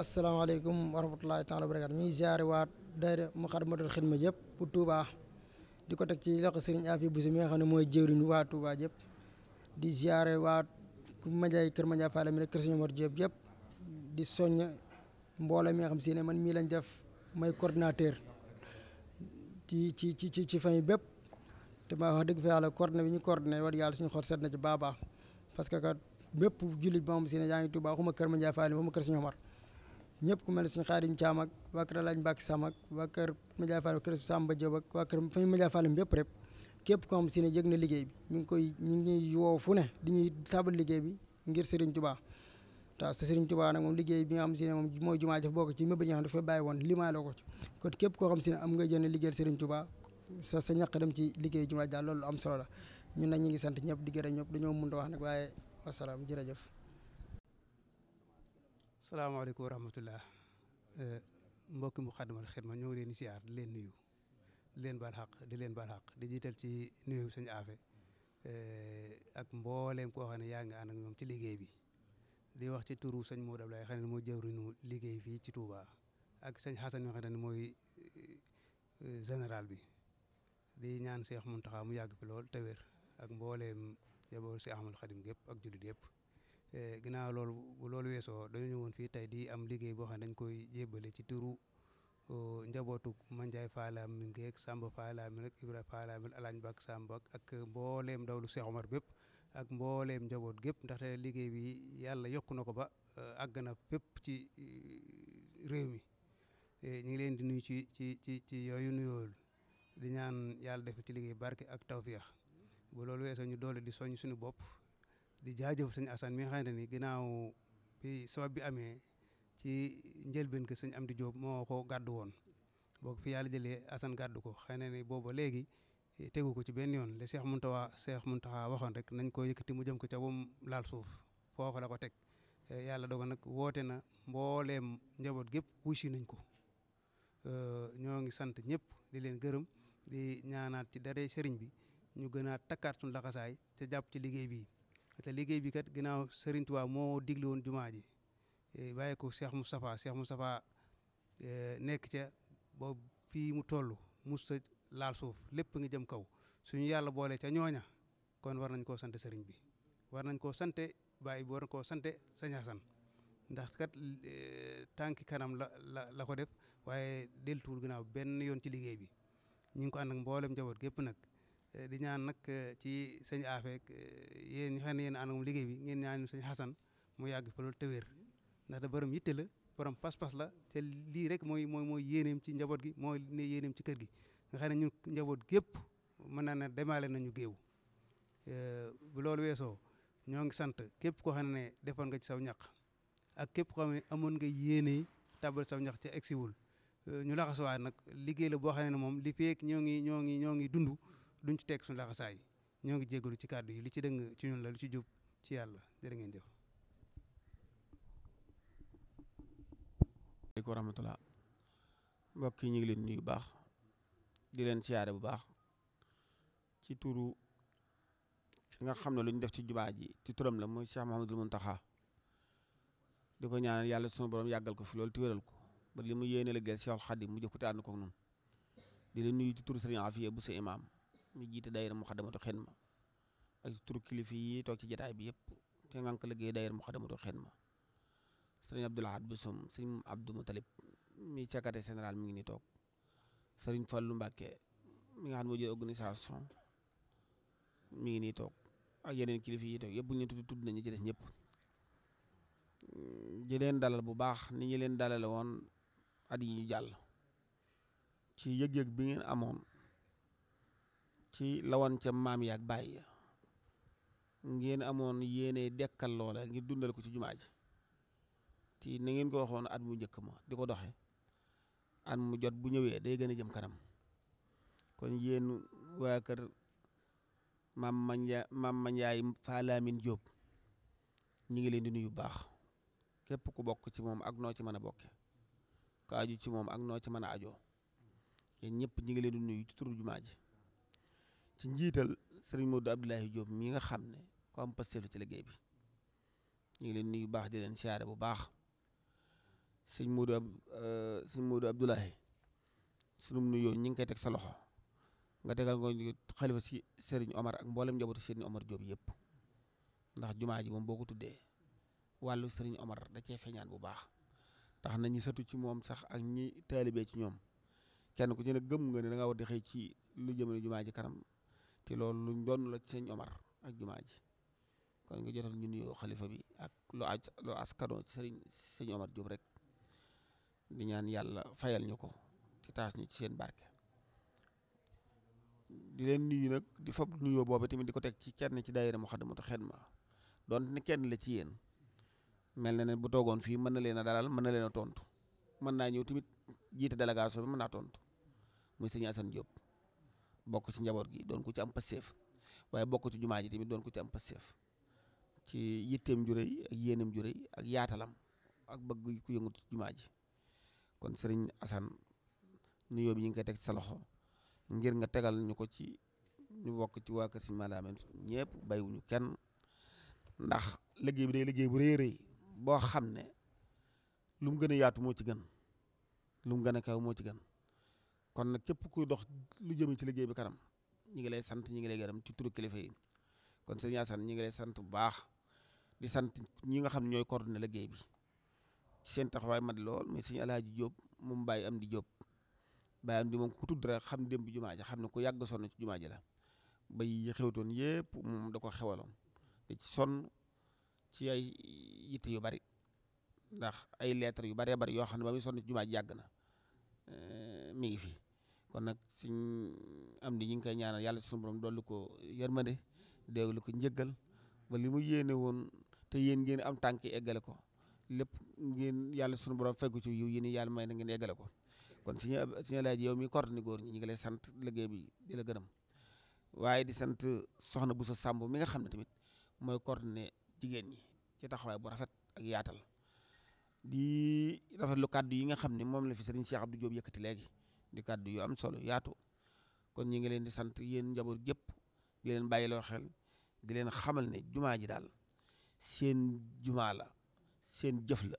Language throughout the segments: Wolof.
asalaamaaleykum wa rahmatulahi taala wa barakaatu ñuy ziare waa daayira Muxaddamatul Xidma yëpp bu Touba di ko teg ci loxo Serigne Afi Bousso mi nga xam ne mooy jëwriñ waa yëpp di ziare waa Mandiaye kër Mandiaye Fall mi rek kër Serigne di soññ mbooloo mi nga xam si ne man mii lañ def may coordinateur ci ci ci ci ci famille bépp te ma wax dëgg fa yàlla coordonné bi ñu coordonné war yàlla suñu xor seet na ci baabaa parce que kat bépp jullit ba moom si ne yaa ngi Touba waxuma kër Mandiaye Fall waxuma kër Serigne Mor ñëpp ku mel ne suñu xaadim Caam ak waa kër Alaañ Mbàkke Sam ak waa kër Média Fall kër Samba Diop ak waa kër fa Média Fall bépp rek képp ko xam si ne yëg na liggéey bi ñu ngi koy ñu ngi woo fu ne di ñuy tabal liggéey bi ngir Serigne Touba waaw sa Serigne Touba nag moom liggéey bi nga xam si ne moom mooy jumaa jëf bokk ci mébét yi nga xam dafay bàyyi woon limaaloo ko ci kon képp koo xam ne am nga jënd liggéeyal Serigne Touba sa sa ñaq ci liggéey jumaa daal loolu am solo la ñun nag ñu ngi sant ñëpp di gërëm ñëpp dañoo mun a wax nag waaye wasalaam jërëjëf salaamaaleykum wa rahmatullah eh, mbokki mu xaddamal xidma ñoo ngi leen di siyaar di leen nuyu di leen baal xaq di leen baal xaq di jiital ci nuyu suñu aafe eh, ak mbooleem koo xam ne yaa ngi ànd ñoom ci liggéey bi di wax ci turu sëñ Modou Abdoulaye xam ne mooy jëwriñu liggéey fii ci Touba ak sañ Xasan yoo xam ne mooy eh, général bi di ñaan Seex taxa mu yàgg fi lool te wér ak mbooleem jaboo si Ahmad Xadim gépp ak jullit yëpp Eh, ginnaaw loolu bu loolu weesoo dañu ñëwoon fii tey di am liggéey boo xam ne dañ koy jébbale ci turu njabootu Mandiaye Fala mi ngeeg Samba Fala mi rek Ibra Fala mi Alañ Bak Samba ak mbooleem dawlu Cheikh Omar bépp ak mbooleem njaboot gépp ndaxte liggéey bi yàlla yokk na ko ba eh, àgg na fépp ci eh, réew mi ñu ngi leen di nuyu ci ci ci ci yooyu nuyool di ñaan yàlla def ci liggéey barke ak tawféex bu loolu weeso ñu doole di soñ suñu bopp di jaajëf sëñ Assane mi nga xam ni ginnaaw bi sabab bi amee ci njëlbeen ko sëñ Amdi Diop moo ko gàddu woon boo fi yàlla jëlee Assane gàddu ko xëy na ni booba léegi tegu ko ci benn yoon li Cheikh Mountakha Cheikh Mountakha waxoon rek nañ ko yëkkati mu jëm ko ca bum laal suuf foofu la ko teg eh, yàlla dogal nag woote na mbooleem njaboot gépp wuusi nañ ko eh, ñoo ngi sant ñëpp di leen gërëm di ñaanaat ci dara sëriñ bi ñu gën a takkaat suñu laxasaay te jàpp ci liggéey bi te liggéey bi kat ginnaaw Serigne Touba moo digle woon jumaa ji eh, bàyyi ko Cheikh Moustapha Cheikh Moustapha eh, nekk ca ba fii mu toll musta laal suuf lépp nga jëm kaw suñu yàlla boole ca ñooña kon war nañ koo sant Serigne bi war nañ koo sante Baye bi war nañ koo sante Sëñ Hasan ndax kat eh, tànki kanam la la la ko def waaye deltuwul ginnaaw benn yoon ci liggéey bi ñu ngi ko ànd ak mboolem njaboot gépp nag Eh, di ñaan nag eh, ci sëñ Afek eh, yéen ñi xam ne yéen a liggéey bi ngeen ñaan sëñ Xasan mu yàgg fa loolu te wér ndax da borom yitte la borom pas-pas la te lii rek mooy mooy mooy yéeneem ci njaboot gi mooy ne yéeneem ci kër gi nga xam ne njaboot gépp mën naa ne demaale nañu géew bu loolu weesoo ñoo ngi sant képp koo xam ne defoon nga ci saw ñaq ak képp koo amoon nga yéene tabal saw ñaq ci egsiwul ñu laxasuwaat nag liggéey la boo xam ne moom li feek ñoo ngi ñoo ngi ñoo ngi dund duñ ci teg suñu laxasaay ñoo ngi jégalu ci kàddu yi li ci dëng ci ñun la lu ci jub ci yàlla jërë ngeen jëf. aleykum mbokk yi ñu ngi leen nuyu bu baax di leen siyaare bu baax ci turu ki nga xam ne lu ñu def ci jubaa ji ti turam la mooy Cheikh Mouhamadul Mountakha di ko ñaanal yàlla sunu borom yàggal ko fi loolu te wéral ko ba li mu yéene la gel Cheikhul mu jëf ko te ànd ko noonu di leen nuyu ci turu Serigne Afia bu sa imaam. mi jiite daayira Muxaddamatul Xidma ak turu kilifa yi toog ci jataay bi yëpp te ngànk liggéey daayira Muxaddamatul Xidma sëriñ Abdul Ahad Busum sëriñ Abdou Moutalib mi secrétaire général mi ngi ni toog sëriñ Fallou Mbacke mi nga xam ne moo jël organisation mi ngi nii toog ak yeneen kilifa yi toog yëpp ñu tudd tudd nañu ci des ñëpp di dalal bu baax ni ñu leen dalale woon a yi ñu jàll ci yëg-yëg bi amoon ci lawoon ca maam yaak bàyyi ya ngeen amoon yéene dekkal loola ngir dundal ko ci jumaa ti ci ngeen ko waxoon at mu njëkk ma di ko doxe at mu jot bu ñëwee day gën a jëm kanam kon yéen waa kër maam ma nja maam ma jóob ñu ngi leen di nuyu baax képp ku bokk ci moom ak noo ci mën a bokke ku aju ci moom ak noo ci mën a ajoo yéen ñëpp ñu ngi leen di nuyu ci turu jumaa ji ci njiital sëriñ Modou Abdoulaye Diop mi nga xam ne ko am pasteelu ci liggéey bi ñu ngi leen nuyu baax di leen siyaare bu baax sëñ Modou euh, sëñ Modou Abdoulaye sunu nuyoo ñu ngi koy teg sa loxo nga tegal ko xalifa si sëriñ Omar ak mboolem njabootu sëriñ Omar Diop yëpp ndax jumaa ji moom boo ko tuddee wàllu sëriñ Omar da cee feeñaan bu baax tax na ñi satu ci moom sax ak ñi taalibee ci ñoom kenn ku ci ne gëm nga ne danga nga war di xëy ci lu jëmale jumaa ji kanam te loolu lu doon la ci Omar ak jumaa ji kon nga jotal ñu nuyoo xalifa bi ak lu aj lu askano Omar Diop rek di ñaan yàlla fayal ñu ko ci taas ñu ci seen barke di leen nuyu nag di fab nuyoo boobu tamit di ko teg ci kenn ci daayira Moukhaddamatoul Khidma doon ne kenn la ci yéen mel na ne bu toogoon fii mën na leen a dalal mën na leen a tontu mën naa ñëw tamit jiite délégation bi mën naa tontu muy sëñ Assane Diop bokk ci njaboot gi doon ko ci am passeef waaye bokk ci jumaa ji tamit doon ko ci am passeef ci yitteem ju réy ak yéenam ju ak yaatalam ak bëgg ku yëngu ci jumaa ji kon sëriñ Assane nuyoo bi ñu ngi koy teg sa loxo ngir nga tegal ñu ko ci ñu bokk ci waa kër sëriñ Maadaamen ñëpp bàyyiwuñu kenn ndax liggéey bi day liggéey bu rëy rëy boo xam ne lu gën a yaatu moo ci gën lu gën a kaw moo ci gën kon nag képp kuy dox lu jëme ci liggéey bi kanam ñi ngi lay sant ñi ngi lay gërëm ci turu kilifa yi kon sëñ Yaasan ñi ngi lay sant bu baax di sant ñi nga xam ne ñooy coordonné liggéey bi ci seen taxawaay mat lool mais sëñ Alaaji Jóob moom bàyyi am di Jóob bàyyi am di moom ku tudd rek xam démb jumaa ji xam ne ku yàgg sonn ci jumaa ji la bay yi xewtoon yëpp moom da ko xewaloon da ci sonn ci ay yitte yu bari ndax ay lettres yu baree bari yoo xam ne ba muy sonn jumaa ji na eh, mi ngi fi kon nag suñ am di ñu ngi koy ñaanal yàlla suñu borom dolli ko yërmande deewlu ko njëggal ba li mu yéene woon te yéen ngeen am tànk eggale ko lépp ngeen yàlla sunu borom fekku ci yiw yi ni yàlla may na ngeen eggale ko kon suñu suñu laaj yow mi coordonné góor ñi ñu ngi lay sant liggéey bi di la waaye di sant soxna bu sa sàmb mi nga xam ne tamit mooy coordonné jigéen ñi ci taxawaay bu rafet ak yaatal di rafetlu kàddu yi nga xam ne moom la fi sëriñ Cheikh Abdou Diop yëkkati léegi di kàddu yu am solo yaatu kon ñi ngi leen di sant yéen njaboot yëpp di leen bàyyiloo xel di leen xamal ne jumaa ji daal seen jumaa la seen jëf la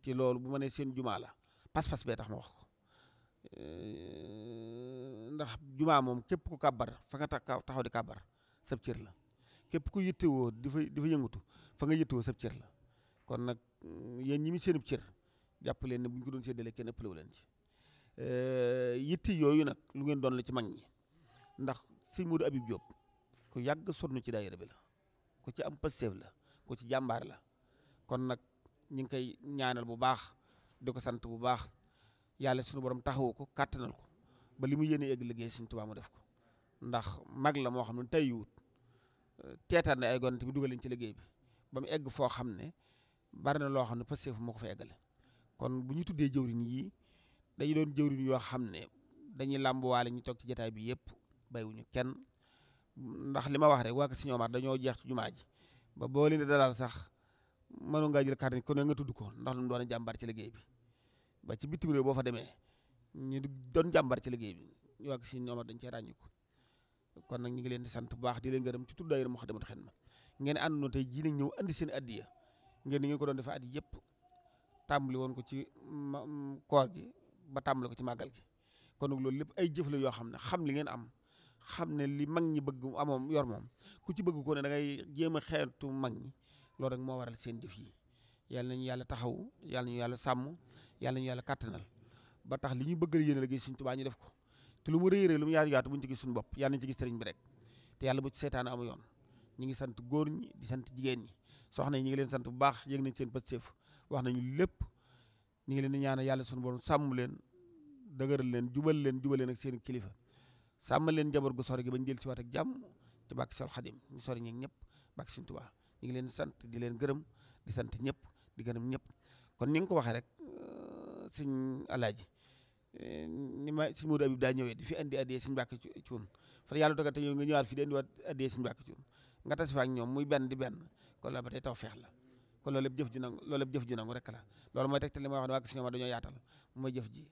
ci loolu bu ma nee seen jumaa la pas-pas bee tax ma wax ko ndax jumaa moom képp ku kàbbar bar nga taxaw di kàbbar sab cër la képp ku yittewoo di fa di fa yëngatu fa nga yittewoo sab la kon nag mm, yéen ñi mi seenub cër jàpp leen ne bu ñu ko doon séddalee kenn ëppalewu leen ci Euh, yitti yooyu nag lu ngeen doon la ci mag ñi ndax sëñ Modou Habib Diop ku yàgg sonn ci daayira bi la ku ci am passeef la ko ci jàmbaar la kon nag ñu ngi koy ñaanal bu baax di ko sant bu baax yàlla sunu borom taxawu ko kàttanal ko ba li mu yéene egg liggéey suñ Tuubaa mu def ko ndax mag la moo xam ne tey wut teetaan na ay gone bi dugal leen ci liggéey bi ba mu egg foo xam ne bari na loo xam ne passeef moo ko fa eggale kon bu ñu tuddee jëwriñ yi dañu doon jëwriñ yoo xam ne dañuy làmbuwaale ñu toog ci jataay bi yëpp bàyyiwuñu kenn ndax li ma wax rek waa Kër Sëñ Omar dañoo jeex jumaa ji ba boo leen di sax mënu jël kàddu ko ne nga tudd ko ndax lu mu doon jàmbar ci liggéey bi ba ci bitim boo fa demee ñu doon jàmbar ci liggéey bi waa Kër Sëñ Omar dañ cee ràññiku kon nag ñu ngi leen di sant bu baax di leen gërëm ci tudd daayira xen Khidma ngeen àndoon tey jii nag ñëw andi seen addiya ngeen ni ngeen ko doon defee at yëpp tàmbali woon ko ci mm, koor gi ba tàmbali ko ci màggal gi kon nag loolu lépp ay jëf la yoo xam ne xam li ngeen am xam ne li mag ñi bëgg amoom yor moom ku ci bëgg ko ne da ngay jéem a xeetu mag ñi loolu rek moo waral seen jëf yi yàlla nañu yàlla taxaw yàlla nañu yàlla sàmm yàlla nañu yàlla kàttanal ba tax li ñu bëgg yéen la gis suñ tubaa ñu def ko te lu mu rëy lu mu yaatu yaatu buñu ci gis suñu bopp yàlla nañu ci gis sëriñ bi rek te yàlla bu ci seetaan amu yoon ñu ngi sant góor ñi di sant jigéen ñi soxna yi ñu ngi leen sant bu baax yëg nañ seen pëccëf wax nañu lépp ñu ngi leen di ñaanal yàlla suñu borom sàmm leen dëgëral leen jubal leen jubal ak seen kilifa sàmm leen njaboot gu sori gi bañ jël si watak ak jàmm ci bàkki sol xadim ñu sori ñeeg ñëpp bàkki suñ tubaa ñu ngi leen sant di leen gërëm di sant ñëpp di gërëm ñëpp kon ni nga ko waxee rek euh, suñ alaaji euh, ni ma suñ Moodu Abib daa ñëwee di fi andi suñ bàkki cuun far yàlla dogal te yow nga ñëwaat fi di andi waat addee suñ bàkki cuun nga tas fa ak ñoom muy benn di benn kon la ba tey taw feex la kon loolu lépp jëf ji nangu loolu lépp jëf ji nangu rek la loolu mooy tegtal li ma wax ne waa Kër ma dañoo yaatal mooy jëf ji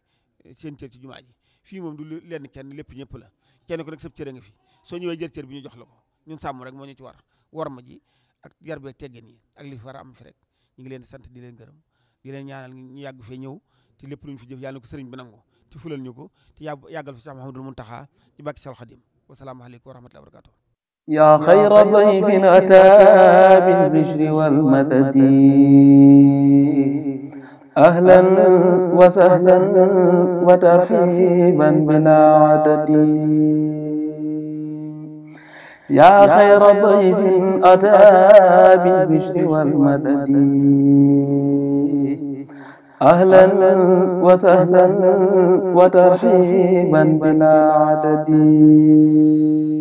eh, seen cër ci jumaa ji fii moom du lenn kenn lépp ñëpp la kenn ku nekk sab cër nga fi soo ñëwee jël cër bi ñu jox la ko ñun sàmm rek moo ñu ci war war ma ji ak yar bi teggin yi ak li fi war a am fi rek ñu ngi leen di sant di leen gërëm di leen ñaanal ñu yàgg fee ñëw te lépp lu ñu fi jëf yàlla ko sëriñ bi nangu te fulal ñu ko te yàggal fi Cheikh Mouhamadul Muntaxa ci bàkki Sal Xadim wasalaamaaleykum wa rahmatullahi wa barakatuh yaa xayra dayfin ataa bil bishri wal madadi ahlan wa sahlan wa tarxiiban bilaa adadi yaa xayra dayfin ataa bil bishri wal madadi ahlan wa sahlan wa tarxiiban bilaa adadi